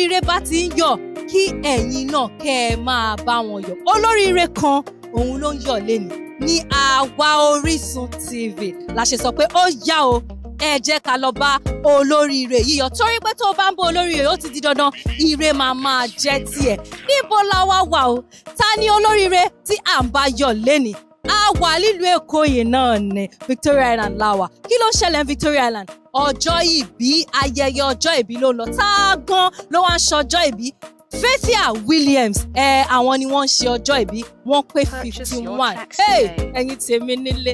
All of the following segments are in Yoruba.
olóríire bá ti ń yọ̀ kí ẹ̀yin náà kẹ́ ẹ máa bá wọn yọ̀ olóríire kan òun ló ń yọ̀ lẹ́nu ní àwa Orísun TV la ṣe sọ pé ó yá o ẹ jẹ́ ká lọ bá olóríire yíyọ̀ torí pé tó o bá ń bá olóríire ó ti di dandan ire máa máa jẹ́ tiẹ̀ níbo la wá wà o ta ni olóríire tí à ń bá yọ̀ lẹ́nìí a wà nílùú èkó yìí náà ní Victoria Island la wà kí ló ṣẹlẹ̀ Victoria Island ọjọ́ ìbí ayẹyẹ ọjọ́ ìbí ló lọ tá a gan ló wá ń ṣọjọ́ ìbí Faithia Williams ẹ àwọn ni wọ́n ń ṣe ọjọ́ ìbí wọ́n pé fifty one ẹ̀yin tèmi nílé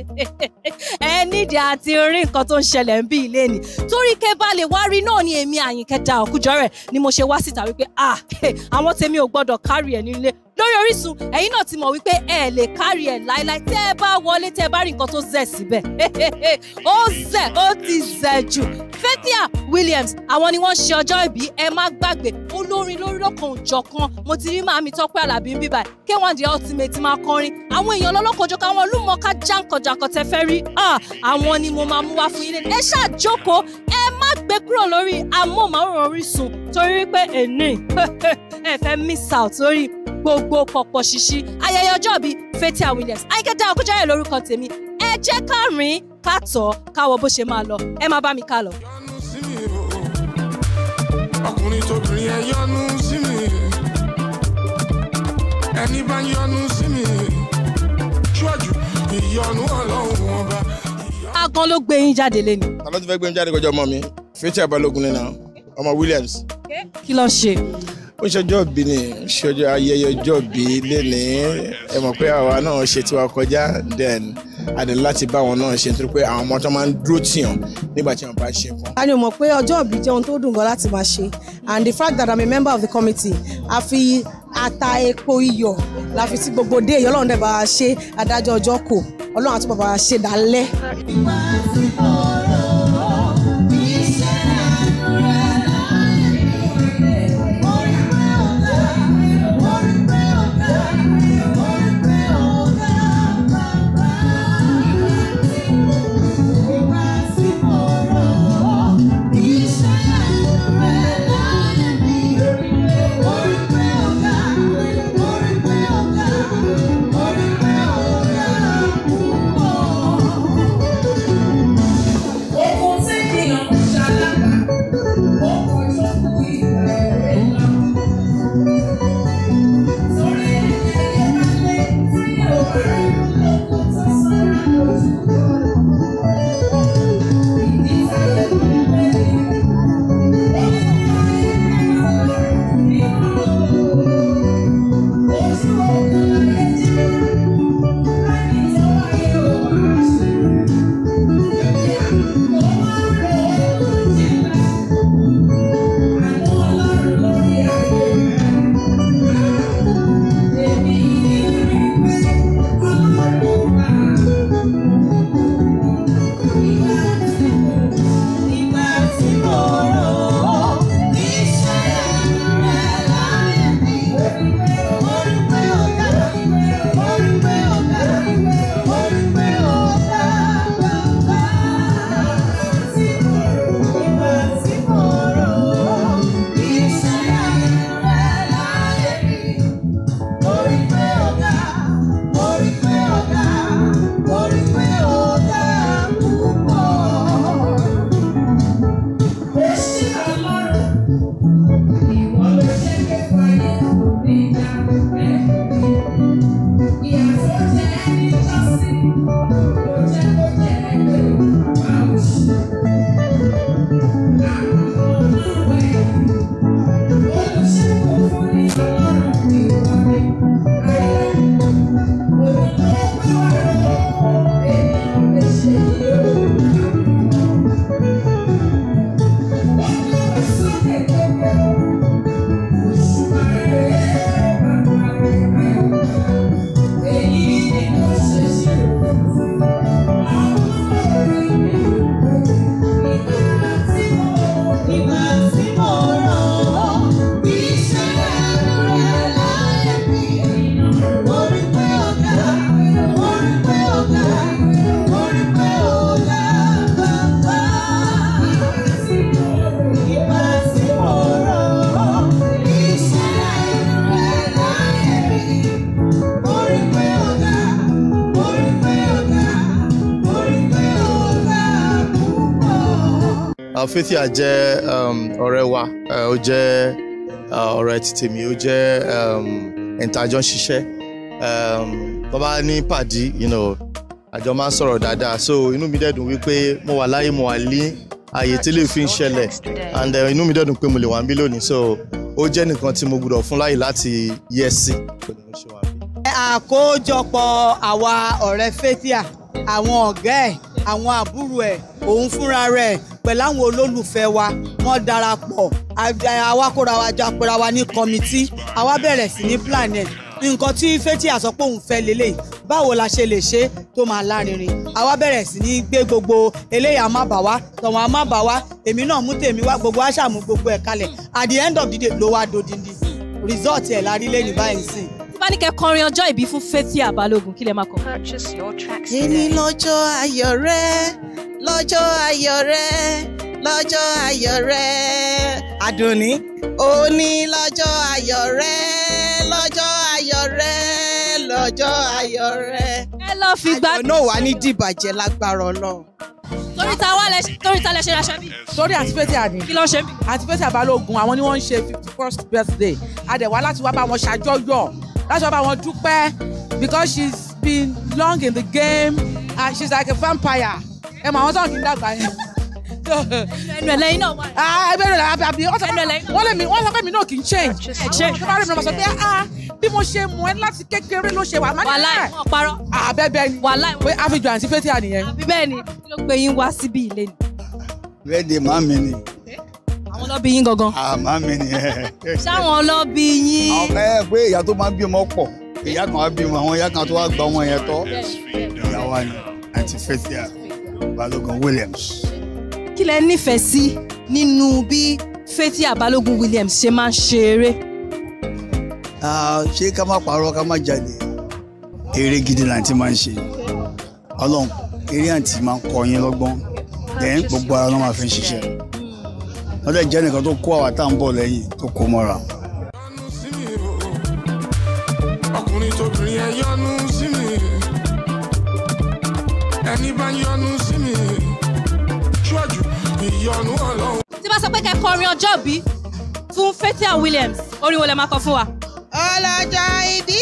ẹ nídìí àti rí nǹkan tó ń ṣẹlẹ̀ ń bí ilé ni torí ké bá lè wá rí náà ni èmi Àyìnkẹ́ da Òkújọ́rẹ̀ ni mo ṣe wá síta wípé ah àwọn tèmi ò gbọ́dọ̀ kárì ẹ̀ nílé lórí Orísun ẹ̀yin náà ti mọ̀ wípé ẹ lè kárí ẹ̀ láéláé tẹ́ ẹ bá wọlé tẹ́ ẹ bá rí nǹkan tó zẹ̀ síbẹ̀ ó zẹ̀ ó ti zẹ̀ jù Cynthia Williams àwọn ni wọ́n ṣe ọjọ́ ìbí ẹ má gbàgbé olórin lórí lọ́kàn òjọ̀kan mo ti rí màmí Tọ́pẹ́ Àlàbí ń bíbà K1 The Ultimate máa kọrin àwọn èèyàn lọ́lọ́kọ̀ọ́jọ́ káwọn olúmọ̀ọ́ká jàǹkànjàǹkàn tẹ fẹ́ rí àwọn ni mo máa mú wá fún yín ẹ ṣáà jókòó ẹ má gbé kúrò lórí amóhùnmáwòrán Orísun torí pé èní ẹ fẹ́ miss out lórí gbogbo pọ̀pọ̀ ṣíṣí ayẹyẹ ọjọ́ bíi Fathia Williams Ayíkẹ́ Dára Kújẹ́rẹ́ lórúkọ tèmi ẹ jẹ́ ká rìn ká tọ̀ ká wò bó ṣe máa lọ ẹ má bá mi ká lọ. ọkùnrin tóbìnrin ẹ yọ́nú sí mi ẹni bá yọ́nú sí mi ṣíwájú ìyọ́nú Ọlọ́run ọba. agan ló gbé yín jáde lẹ́nu. ta ló ti fẹ́ gbé yín jáde kọjá ọmọ mi Fathia Balógun nínú ọmọ Williams kí ló ṣe. ó ṣọjọ́ bí ni ṣọjọ́ ayẹyẹ ọjọ́ bí lẹ́ni ẹ mọ̀ pé àwa náà ṣe tiwa kọjá then àdé láti bá wọn náà ṣe nítorí pé àwọn ọmọ tó máa ń dúró tì hàn nígbà tí wọn bá ṣe fún. a ní mọ̀ pé ọjọ́ ìbí jẹun tó dùn gan láti máa ṣe and the fact that i'm a member of the committee a fi ata epo iyọ̀ la fi sí gbogbo dé èyí ọlọ́run dẹ̀ bá wa ṣe adájọ́ ọjọ́ kò ọlọ́run àtúbọ̀ bá ṣe dálẹ́. Fathia jẹ́ um, ọ̀rẹ́ wa ó jẹ́ ọ̀rẹ́ títì mi ó jẹ́ ìtajọ́ um, ṣiṣẹ́ bàbá um, ní pàdí àjọ máa ń sọ̀rọ̀ dáadáa so inú mi dẹ̀dùn wípé mo wà láyé mo wà ní ààyè tí lè fi ń ṣẹlẹ̀ and uh, inú mi dẹ̀dùn pé mo lè wà níbí lónìí so ó jẹ́ nìkan tí mo gbọ́dọ̀ fún láyè láti yẹ sí. àkójọpọ̀ àwa ọ̀rẹ́ Fathia àwọn ọ̀gá ẹ̀ àwọn àbúrò ẹ̀ òun fúnra rẹ̀ pẹ̀lú àwọn olólùfẹ́ wa wọ́n darapọ̀ àwa kóra wa jà pera wa ní kọ́mítì àwa bẹ̀rẹ̀ sí ní planet nǹkan tí fẹ́tí àsọpọ̀ fẹ́ lélẹ̀ báwo la ṣe lè ṣe tó máa lárinrin àwa bẹ̀rẹ̀ sí ní gbé gbogbo eléyà má bà wá tọ̀wọ̀n á má bà wá èmi náà mú tèmi wá gbogbo àṣà gbogbo ẹ̀ kalẹ̀ at the end of the day ló wá dodindi result ẹ̀ la rí lẹ́yìn báyìí sìn bá kọrin ọjọ́ ìbí fún Fathia Balogun kí lẹ máa kọ. purchase your tracks today. èmi lọ́jọ́ ayọ̀ rẹ lọ́jọ́ ayọ̀ rẹ lọ́jọ́ ayọ̀ rẹ Àdùnní òní lọ́jọ́ ayọ̀ rẹ lọ́jọ́ ayọ̀ rẹ lọ́jọ́ ayọ̀ rẹ. ẹ lọ fi gbá. àjọ náà wà ní dìbàjẹ́ lágbára Ọlọ́run torí ta wá lẹ torí ta lẹ ṣe aṣọ bí. torí àti Fathia ni. kí ló ń ṣe mí. àti Fathia Balógun àwọn ni wọ́n ń ṣe fifty first birthday a dẹ̀ wá láti wá bá wọn ṣàjọyọ̀ That's why I want to dúpẹ́ because she's been long in the game and she's like a vampire ẹ mọ àwọn tó ń kí n dàgbà yẹn. ẹnu ẹlẹyin náà wà. Ah, ẹgbẹ́ rẹ̀ làbí àbí wọ́n lè mi wọ́n sọ pé mi náà kì í change. change ọ̀sẹ̀ bá rẹ̀ mi ah bí mo ṣe mọ̀ ẹ́ láti kékeré ló ṣe wà má nílẹ̀. wàhálà ìwọ̀n parọ́. àbẹ́bẹ́ ah, ni wàhálà ìwọ̀n. pé àfijọ́ àǹtí fẹ́tíà nìyẹn. àbí bẹ́ẹ̀ ni kí ló gbé yín wá síbí ilé ni. bẹ́ẹ̀ de màmí ni àwọn lọ́bí yín gangan. Ah, àmọ́ mi nìyẹn. sáwọn lọ́bí yín. àwọn ẹ pé ìyá tó máa ń bímọ pọ̀ ìyá kan á bímọ àwọn ìyá kan tó wá gba ọmọ yẹn tọ́ ìyá wa ni àti Fathia Balogun Williams. kí lẹ nífẹ̀ẹ́ sí nínú bí Fathia Balogun Williams ṣe máa ń ṣe eré. Ah, ṣé ká má parọ́ ká má jalè eré gidi làǹtí máa ń ṣe ọlọ́run eré àǹtí máa ń kọ́ yín lọ́gbọ́n gbogbo ara ló máa fi ń ṣiṣẹ́ wọ́n dẹ̀ jẹ́ nìkan tó kó àwa tá ń bọ̀ lẹ́yìn tó kó mọ́ra. ọkùnrin tóbìnrin ẹ yọ́nú sí mi ẹni bá yọ́nú sí mi ṣọ́jú ìyọ́nú Ọlọ́run. tí bá sọ pé kẹ́ kọrin ọjọ́ bí fún Fathia Williams orin wo lè máa kọ fún wa. ọlọ́jọ́ ìdí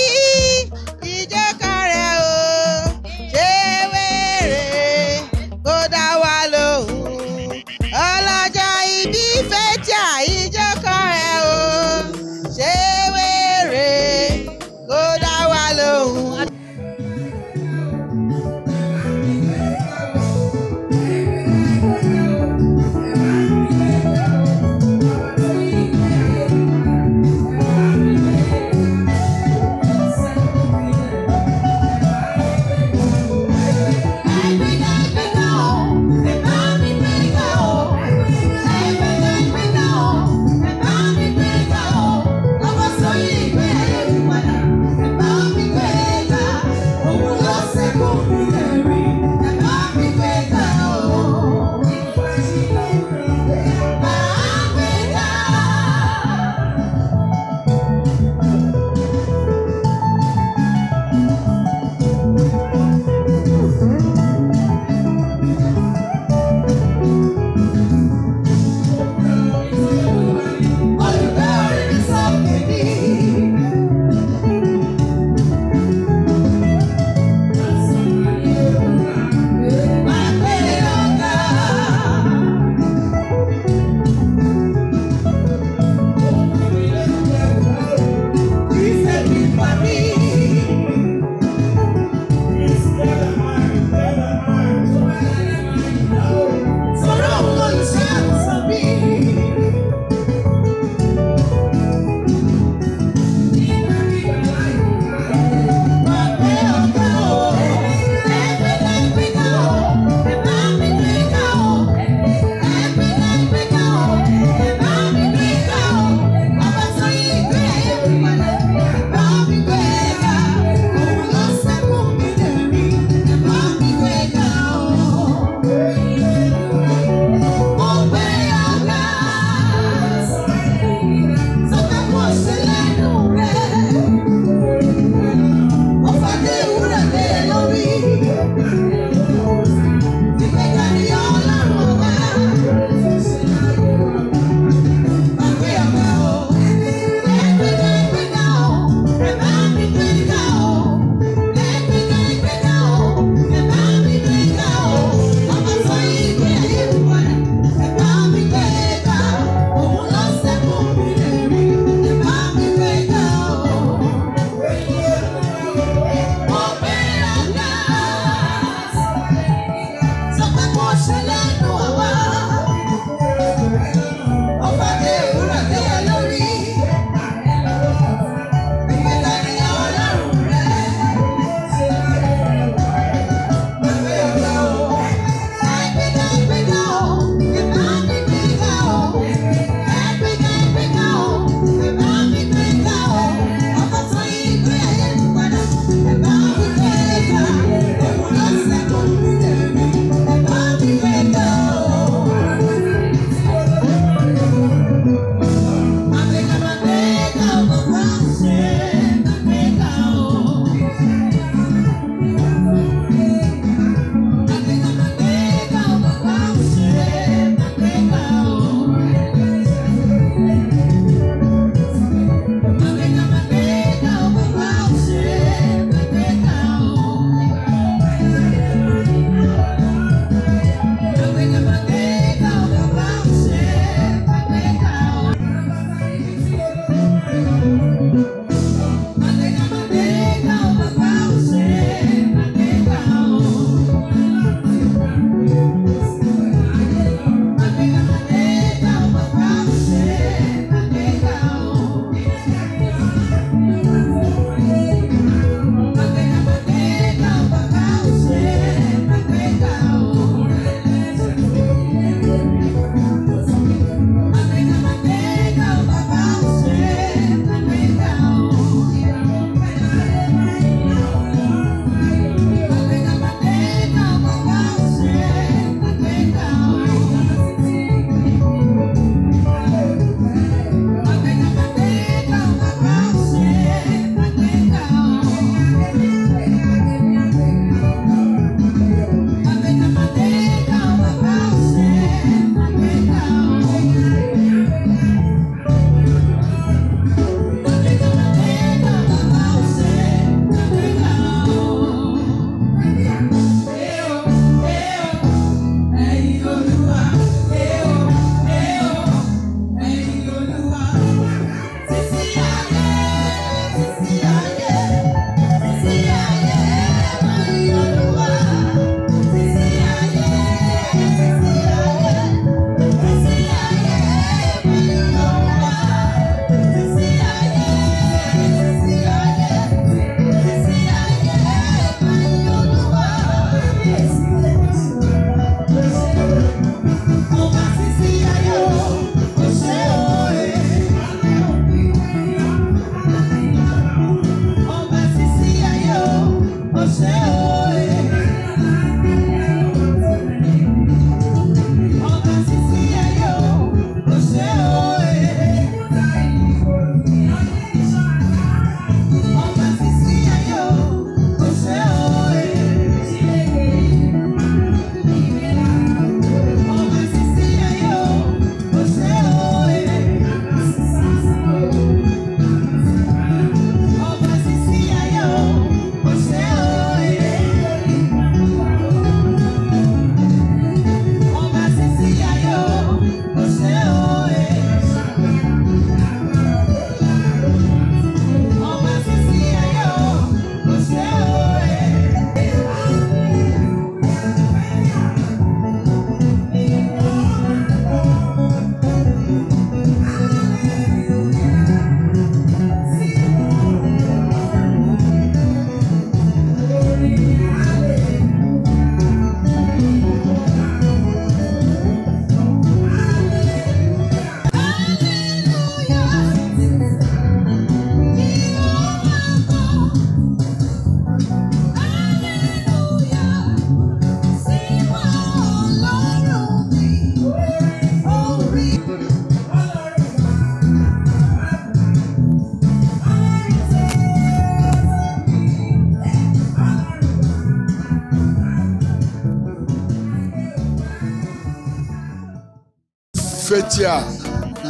Cynthia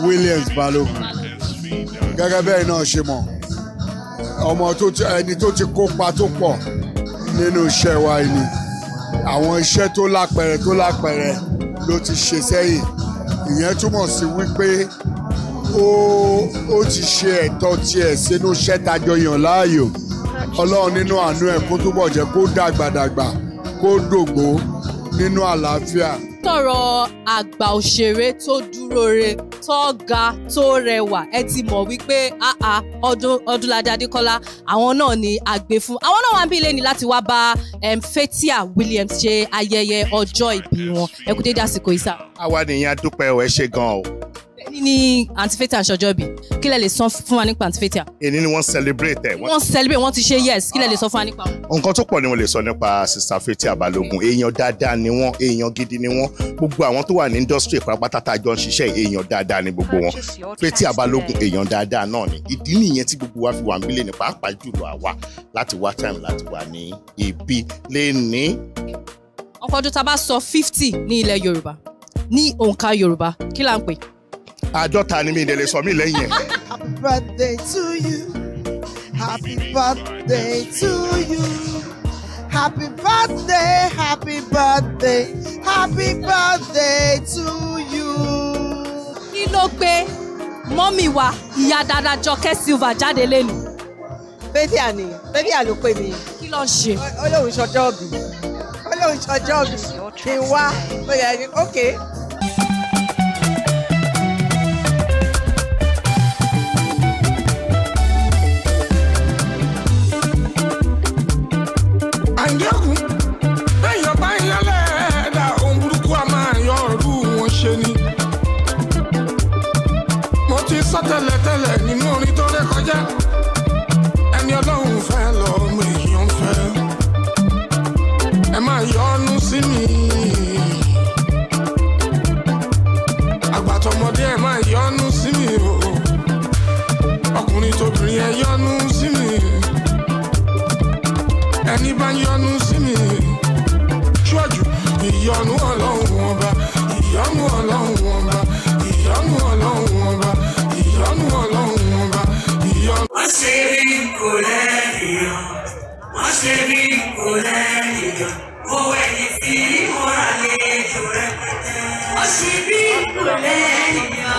Williams Balogun gẹ́gẹ́ bẹ́ẹ̀ náà ṣe mọ̀ ọmọ tó ti ẹni tó ti kópa tó pọ̀ nínú iṣẹ́ wa ni àwọn iṣẹ́ tó lápẹẹrẹ tó lápẹẹrẹ ló ti ṣe sẹ́yìn ìyẹn túmọ̀ sí wípé ó ó ti ṣe ẹ̀tọ́ tiẹ̀ sínú iṣẹ́ tajọ yàn láàyò ọlọ́run nínú àánú ẹ̀ kó túbọ̀ jẹ́ kó dàgbàdàgbà kó dògbó nínú àlàáfíà sọ̀rọ̀ àgbà òṣèré tó dúró re tó ga tó rẹwà ẹ ti mọ̀ wípé Ọdúnládé Adékọ́lá àwọn náà ni a àwọn náà wà ń bí ilé ni láti wá bá Fathia Williams ṣe ayẹyẹ ọjọ́ ìbí wọn ẹ dédé àsìkò ìsà. àwa nìyẹn a dúpẹ́ ẹ ṣe gan o èyí ni àǹtí Fathia aṣọjọ́ bí kí lẹ lè sọ fún wa nípa àǹtí Fathia. èyí ni wọ́n celebrate ẹ̀. wọ́n celebrate wọ́n ti ṣe yes kí lẹ lè sọ fún wa nípa wọn. nǹkan tó pọ̀ ni mo lè sọ nípa sista Fathia Balogun èèyàn dáadáa ni wọ́n èèyàn gidi ni wọ́n gbogbo àwọn tó wà ní industry pátápátá tá a jọ ń ṣiṣẹ́ èèyàn dáadáa ni gbogbo wọn Fathia Balogun èèyàn dáadáa náà ni ìdí nìyẹn tí gbogbo wa fi wà níbílẹ̀ ní pàápàá jùlọ àwa láti wá time láti wà ní ibi lè ní. ọkọ̀ ọdún tá a bá sọ fifty ní ilẹ̀ Yorùbá ní òǹkà Yorùbá kí là ń pè é àádọ́ta ni mi ìdẹ̀lẹ̀ sọ mí lẹ́yìn ẹ̀. happy birthday to you happy birthday to you happy birthday happy birthday happy birthday to you. kí ló gbé mọ́mì wa ìyá dada jọkẹ́ silver jáde lẹ́nu. bébí àní bébí àló pè mí. kí ló ń ṣe. ó lóun ṣọjọ́ ọ̀bì ó ṣọjọ́ ọ̀bì kí n wá ok àǹgẹ́gùn lẹ́yìn bá yẹn lẹ́ẹ̀dá ohun burúkú a máa yan ọ̀rú wọn ṣe ni. mo ti sọ tẹ́lẹ̀tẹ́lẹ̀ nínú yọ́nú sí mi ṣọ́jú ìyọ́nú ọlọ́run ọba ìyọ́nú ọlọ́run ọba ìyọ́nú ọlọ́run ọba ìyọ́nú ọlọ́run ọba ìyọ́nú. wọ́n ṣe bí kò lẹ́yìn yọ wọ́n ṣe bí kò lẹ́yìn yọ mo wẹ̀yìn sí ìmúra lẹ́jọ́ rẹpẹtẹ. wọ́n ṣe bí kò lẹ́yìn yọ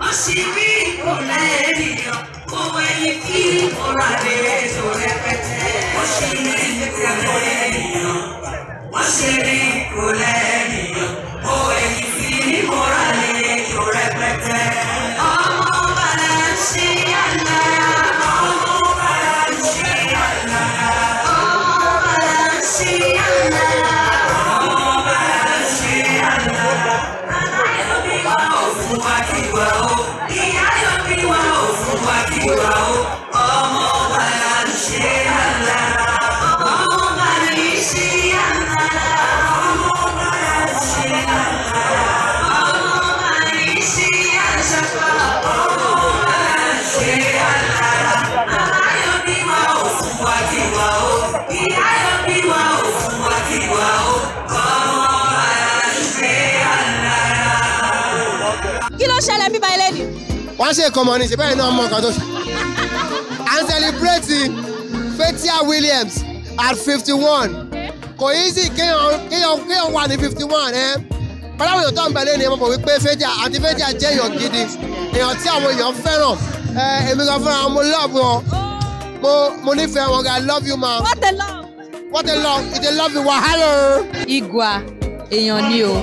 wọ́n ṣe bí kò lẹ́yìn yọ mo wẹ̀yìn sí ìmúra lẹ́jọ́ rẹpẹtẹ. Wow. wọ́n á ṣe ìkọmọ ní ìṣẹ́bẹ̀rẹ̀ mọ nǹkan tó ṣe. and celebrating Fathia Williams at fifty one kò yí sí kéèyàn wà ní fifty one ẹ báwo èèyàn tó ń bẹ̀lẹ́ ni ẹ mọ̀ pọ̀ wípé Fathia àti Fathia jẹ́ èèyàn gidi èèyàn tí àwọn èèyàn fẹ́ràn ẹ èmi kan fúnra mo love wọn mo mo nífẹ̀ẹ́ wọn I love you ma. what a love. what a love it's a love you wahala. igua èèyàn ni o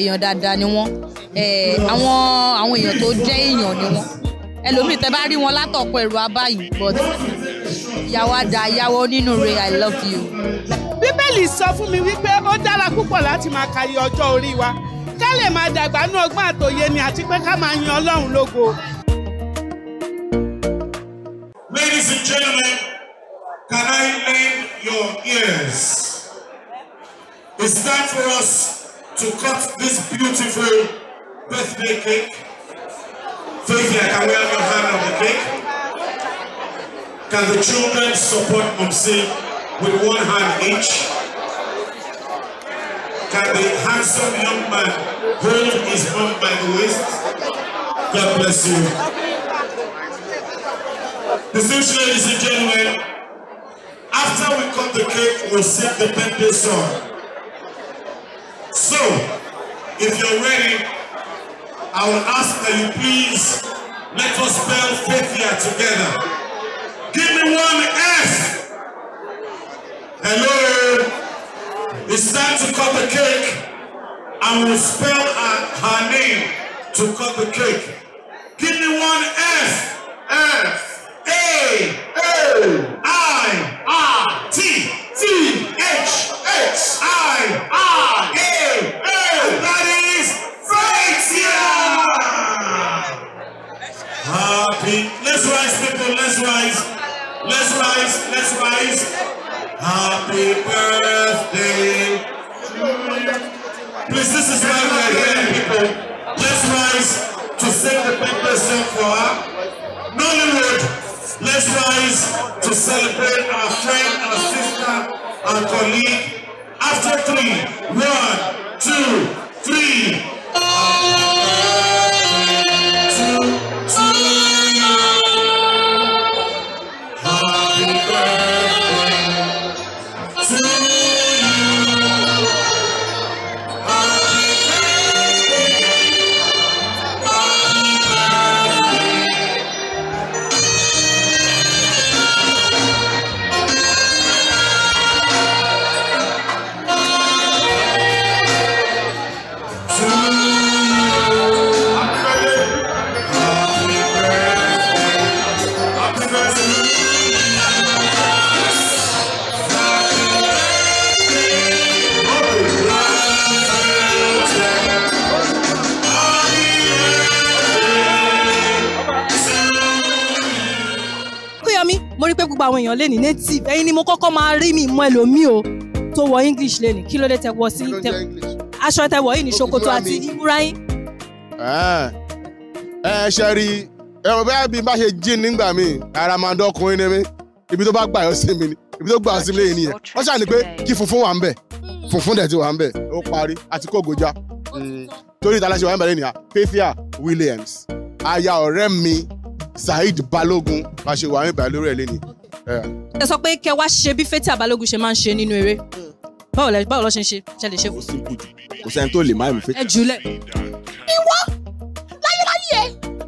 èèyàn dáadáa ni wọ́n. Eh, àwọn àwọn èèyàn tó jẹ́ èèyàn ni wọ́n ẹlòmíì tẹ bá rí wọn látọ̀pọ̀ ẹ̀rọ abáyìí but ìyàwó àdá ìyàwó onínú rẹ i love you. bíbélì sọ fún mi wípé ó dára púpọ̀ láti máa kàyé ọjọ́ orí wa ká lè máa dàgbà ní ọgbọ́n àtòyé ni àti pé ká máa yin ọlọ́run lógo. Ladies and gentlemen, can I lend your ears? It's time for us to cut this beautiful. birthday cake. So can we can your hand on the cake, can the children support Mumsi with one hand each? Can the handsome young man hold his mom by the waist? God bless you. Distinguished ladies and gentlemen, after we cut the cake, we'll sing the birthday song. So, if you're ready, I will ask that you please let us spell faith here together. Give me one F. Hello. It's time to cut the cake. I will spell her, her name to cut the cake. Give me one F. Flower, Nollywood, let's rise to celebrate our friend, our sister, our colleague. After three, one, two, three. èèyàn lè ní native ẹ̀yin ni mo kọ́kọ́ máa rí mi mọ ẹlòmíì o tó wọ english lè ní kí ló dé tẹ wọ sí tẹ aṣọ tẹ wọ yìí ní ṣòkòtò àti ìmúra yín. Ah. ẹ ṣe rí ẹ̀rọ bẹ́ẹ̀ bí n bá ṣe jí nígbà míì ara máa dọ́kùnrin ni mí ibi tó bá gbà yọ sí mi ni ibi tó gbà sí mi lẹ́yìn nìyẹn wọ́n ṣàní pé kí funfun wà ń bẹ̀ funfun dẹ̀ ti wà ń bẹ̀ ó parí àti kó gòjà hmm. torí ìtàlá wà ń bẹ̀ lẹ́yìn nìyà Faithia Williams aya ọ̀rẹ́ mi Saheed Balogun bá ṣe wà ń bẹ̀ lórí ẹ̀ lẹ́yìn ẹ sọ pé kẹ wá ṣe bí Fathia Balogun ṣe máa ń ṣe nínú eré báwo lẹ báwo lọ ṣe ń ṣe ṣe lè ṣe fún. kò sẹ́ni tó lè má ìmú Fathia. ẹ jùlẹ. ìwọ láyéláyé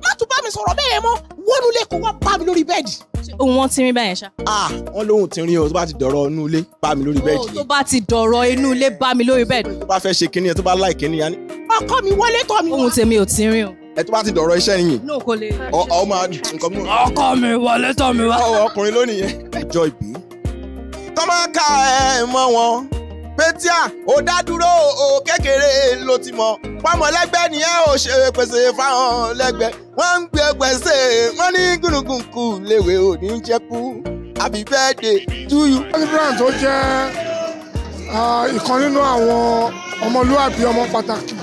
má tún bá mi sọ̀rọ̀ bẹ́ẹ̀ mọ́ wọnú ilé kó wá bá mi lórí bẹ́ẹ̀dì. ohun wọn ti rin báyẹn ṣá. ah wọn lóhun ti rin o tó bá ti dọ̀rọ̀ inú ilé bá mi lórí bẹ́ẹ̀dì. tó bá ti dọ̀rọ̀ inú ilé bá mi lórí bẹ́ẹ̀dì. tó bá fẹ́ ṣe kinní yẹn tó bá láì kinní yẹn. ọkọ mi wọlé tọ̀ mi wá. ohun tèmi ò ti rin o ẹ tó bá ti dọ̀rọ̀ iṣẹ́ yìí ọ máa nǹkan mú. ọkọ mi wọlé tọ̀ mi wá. ọwọ́ ọkùnrin lónìí yẹn. ọjọ́ ìbí. tọ́mọ ká ẹ mọ́ wọn pétíà ó dá o kékeré ló ti mọ̀ pọ́mọlẹ́gbẹ́ ni ẹ ò ṣe pèsè fáwọn lẹ́gbẹ́ wọ́n ń gbé pèsè wọ́n ní gúnugùnkù léwe ò ní jẹ́kú happy birthday to you. president tó jẹ́ ìkan nínú àwọn ọmọlúwàbí ọmọ pàtàkì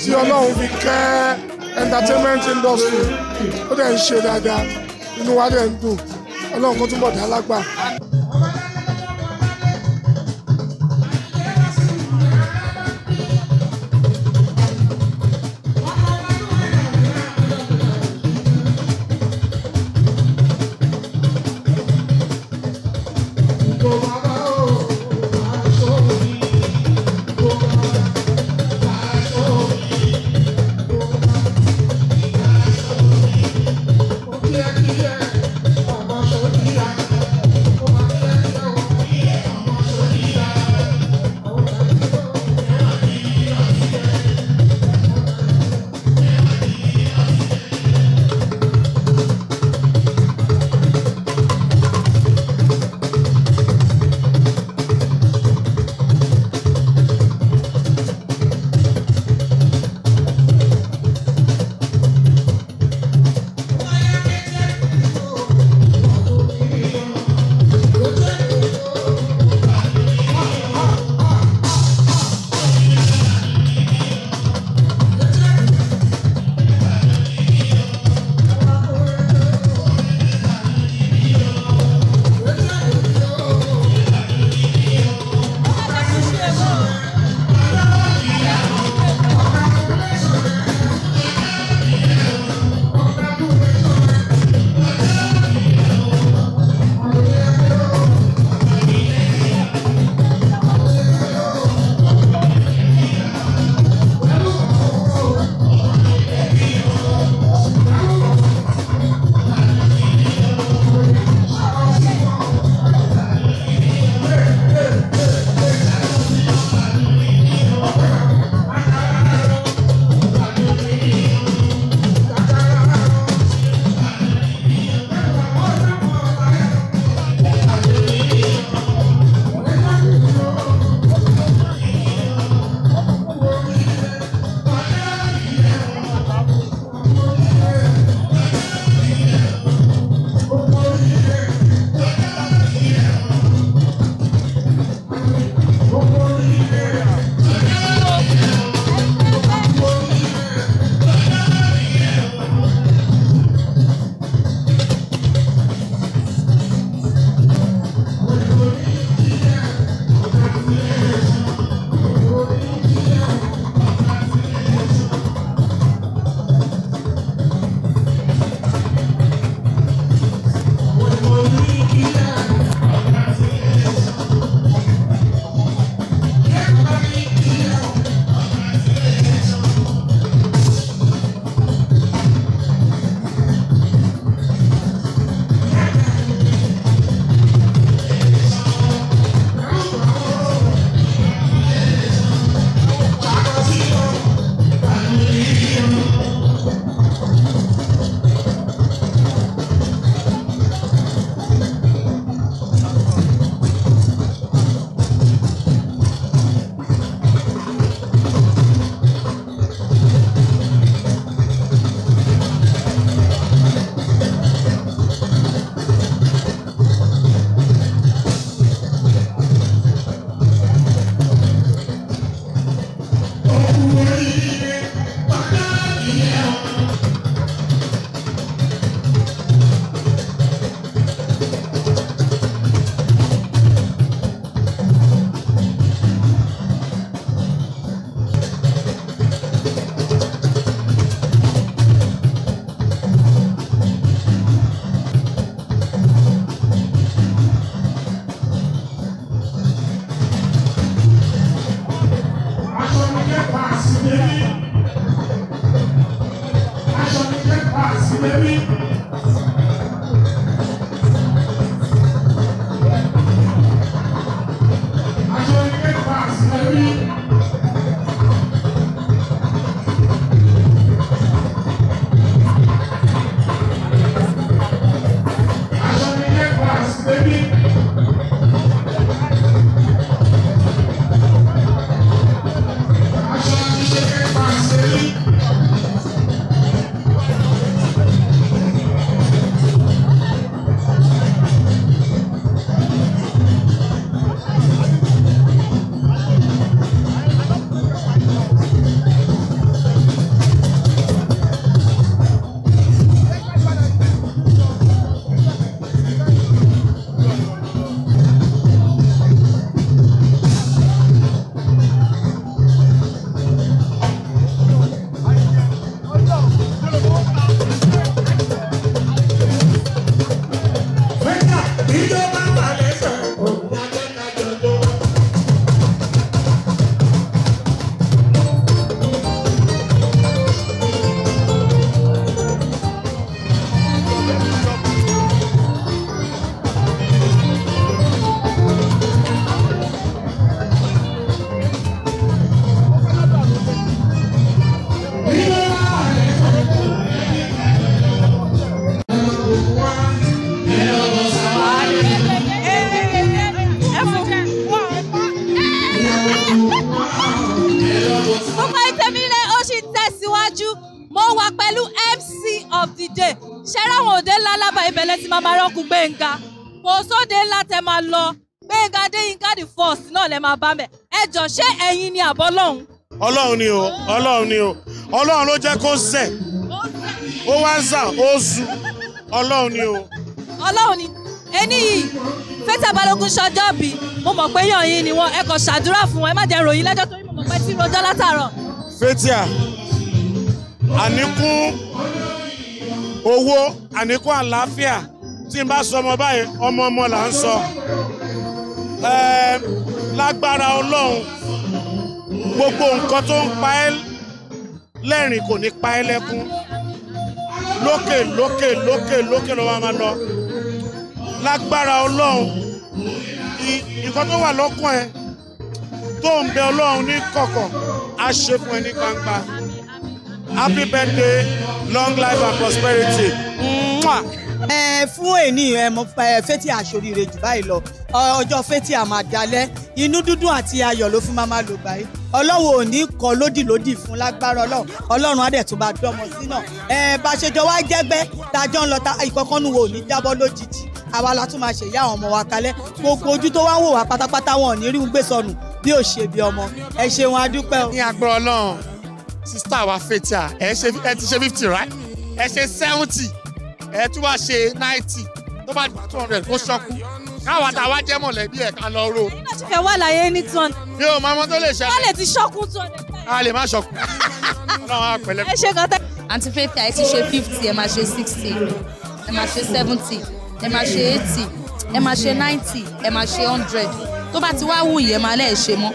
tí ọlọ́run fi kẹ́ entertainment industry ó dẹ̀ ń ṣe dáadáa inú wa dẹ̀ ń dùn ọlọ́run kó túbọ̀ dá lágbà. ṣọ́ọ̀kù gbẹ̀ngà kò sóde ńlá tẹ máa lọ gbẹ̀ngà adéyínká the first náà lẹ máa bá mẹ́ ẹ jọ ṣé ẹ̀yin ni àbọ̀ ọlọ́run. ọlọ́run ni o ọlọ́run ni o ọlọ́run ló jẹ́ kó sẹ̀ ó wá ń sà ó su ọlọ́run ni o. ọlọ́run ni ẹni yìí fẹ́tẹ̀ balógun ṣọjọ́ bí mo mọ̀ pé yàn yín ni wọn ẹ kàn ṣàdúrà fún wọn ẹ má jẹ́ ròyìn lẹ́jọ́ torí mo mọ̀ pé tí rojọ́ látàárọ̀. fẹ́tíà àníkún owó àníkún àlàáfíà tí n bá sọ ọmọ báyìí ọmọ ọmọ là ń sọ lágbára ọlọ́run gbogbo nǹkan tó ń pa ẹ́ lẹ́rìn kò ní pa ẹ́ lẹ́kún lókè lókè lókè lókè lọ́wọ́ máa lọ lágbára ọlọ́run nǹkan tó wà lọ́kàn ẹ tó ń bẹ ọlọ́run ní kọ̀kọ̀ á ṣe fún ẹ ní gbangba happy birthday long life and prosperity. Mwah fún èní fẹ́tì àṣoríire jù báyìí lọ ọjọ́ fẹ́tì àmàdálẹ́ inú dúdú àti ayọ̀ ló fi máa máa lò báyìí ọlọ́wọ́ ò ní kọ́ lódìlódì fún lágbára ọlọ́run ọlọ́run á dẹ̀ tó bá dọ́mọ sí náà ẹ bá ṣe jọ wá jẹ́gbẹ́ tájọ́ ń lọ ta ìkọ̀kọ́nu wo ò ní jábọ́ lójijì àwa la tún máa ṣe ìyá àwọn ọmọ wa kalẹ̀ gbogbo ojú tó wá ń wò wá pátápátá wọn ò ní rí gbé sọnù bí ò ṣe bí ọmọ ẹ ṣeun adúpẹ́ o. ní agbọ́ ọlọ́run sista wa fẹ́tíà ẹ ti ṣe fifty right ẹ ṣe seventy ẹ tún wá ṣe ninety tó bá gba two hundred kó ṣọ́kù káwa tá a wá jẹ́ mọ̀lẹ́bí ẹ̀ ká lọ ró. ẹ̀yin náà fẹ́ wà láyé ní two hundred. bí máa mọ tó lè ṣe. wọ́n ti ṣọ́kù two hundred. a lè má ṣọ́kù. ọlọ́run á pẹ̀lẹ́. ẹ ṣe kan tẹ́. àǹtí faith ẹ ṣe fifty ẹ máa ṣe sixty ẹ máa ṣe seventy ẹ máa ṣe eighty ẹ máa ṣe ninety ẹ máa ṣe hundred tó bá ti wá wù yẹn máa lẹ́ẹ̀ ṣe mọ́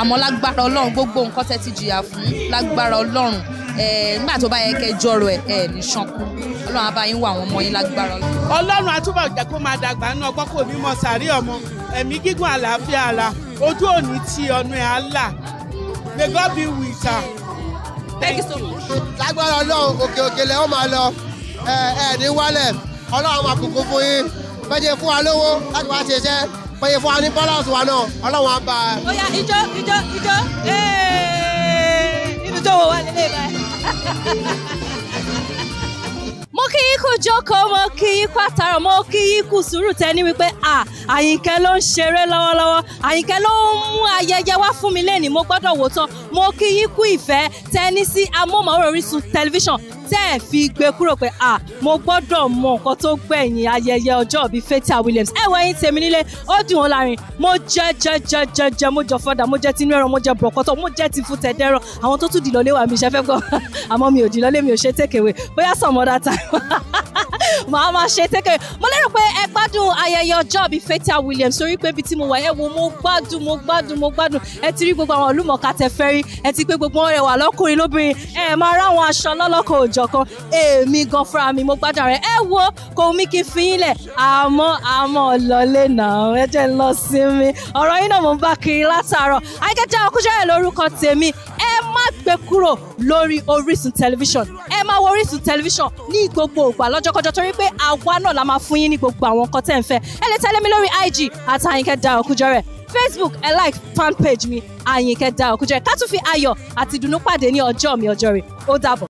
àmọ́ lágbára ọlọ́run gbogbo nǹkan tẹ́ ti jìyà fún lágbára ọlọ́run Eh, nígbà tó bá yẹ kẹ́ jọrọ ẹ ẹ ní ṣankú ọlọ́run á yín wà àwọn ọmọ yín lágbára ọlọ́run. àtúbọ̀ jẹ́ kó máa dàgbà nínú ọgbọ́n kò ní mọ̀ sàárì ọmọ ẹ̀mí gígùn àlàáfíà ara ojú òní ti ọ̀nà ẹ̀ á may God be with her. thank you so much. lágbára ọlọ́run òkè òkè lẹ́ máa lọ ẹ ẹ ní ọlọ́run máa fún yín bẹ́ẹ̀ fún wa lówó láti wá ṣe iṣẹ́ bẹ́ẹ̀ fún wa ní balance wa náà ọlọ́run á bá a. ó yá ijó ijó ijó ee ibi tó wọ wá lélẹ̀ báyìí. mo kí yín kú jókòó mo kí yín kú àtàrà mo kí yín kú sùúrù tẹ́ni wípé à àyìnkẹ́ ló ń ṣeré lọ́wọ́lọ́wọ́ àyìnkẹ́ ló ń mú ayẹyẹ wá fún mi lẹ́nìí mo gbọ́dọ̀ wò tán mo kí yín ìfẹ́ tẹ́ni sí amóhùnmáwòrán Orísun tẹlifíṣàn tẹ́ ẹ̀ fi gbé kúrò pé à mo gbọ́dọ̀ mọ nǹkan tó gbẹ̀yìn ayẹyẹ ọjọ́ ìbí Fathia Williams ẹ wọ ẹyin tèmi nílé ó dùn ó lárin mo jẹ jẹ jẹ jẹ jẹ mo jẹ fọdà mo jẹ tinú ẹran mo jẹ bọ̀kọ́tọ̀ mo jẹ ti fún àwọn tó tún dìlọ́lé wà mí ṣe fẹ́ gbọ́ àmọ́ mi ò dìlọ́lé mi ò ṣe tékèwé bóyá some other time màá máa ṣe tékèwé mo lérò pé ẹ gbádùn ayẹyẹ ọjọ́ ìbí Fathia Williams torí pé ibi tí mo wà ẹ wo mo gbádùn mo gbádùn mo gbádùn ẹ ti rí gbogbo àwọn olùmọ̀ọ́ká tẹ fẹ́ rí ẹ ti pé gbogbo wọn rẹwà lọ́kùnrin lóbìnrin ẹ máa ráwọn aṣọ lọ́lọ́kọ̀ ìṣọ̀kan èmi gan fúnra mi mo gbádùn rẹ̀ ẹ wo kò mí kí n fi yín lẹ̀ àmọ́ àmọ́ lọ́lé náà ẹ jẹ́ lọ sinmi ọ̀rọ̀ yín náà mo ń bá kiri látàárọ̀ Ayinke Ọ̀kúṣayọ̀ lórúkọ tèmi ẹ má gbé kúrò lórí Orísun tẹlifíṣàn ẹ máa wo Orísun tẹlifíṣàn ní gbogbo ìgbà lọ́jọ́kọjọ́ torí pé àwa náà la máa fún yín ní gbogbo àwọn nǹkan tẹ̀ ń fẹ́ ẹ lè tẹ̀lé mi lórí IG àti Ayinke Ọ̀kúṣayọ̀ Facebook ẹ like fan page mi Ayinke Ọ̀kúṣayọ̀ ká tún fi ayọ̀ àti ìdùnnú pàdé ní ọjọ́ mi ọjọ́ rẹ̀ ó dàbọ̀.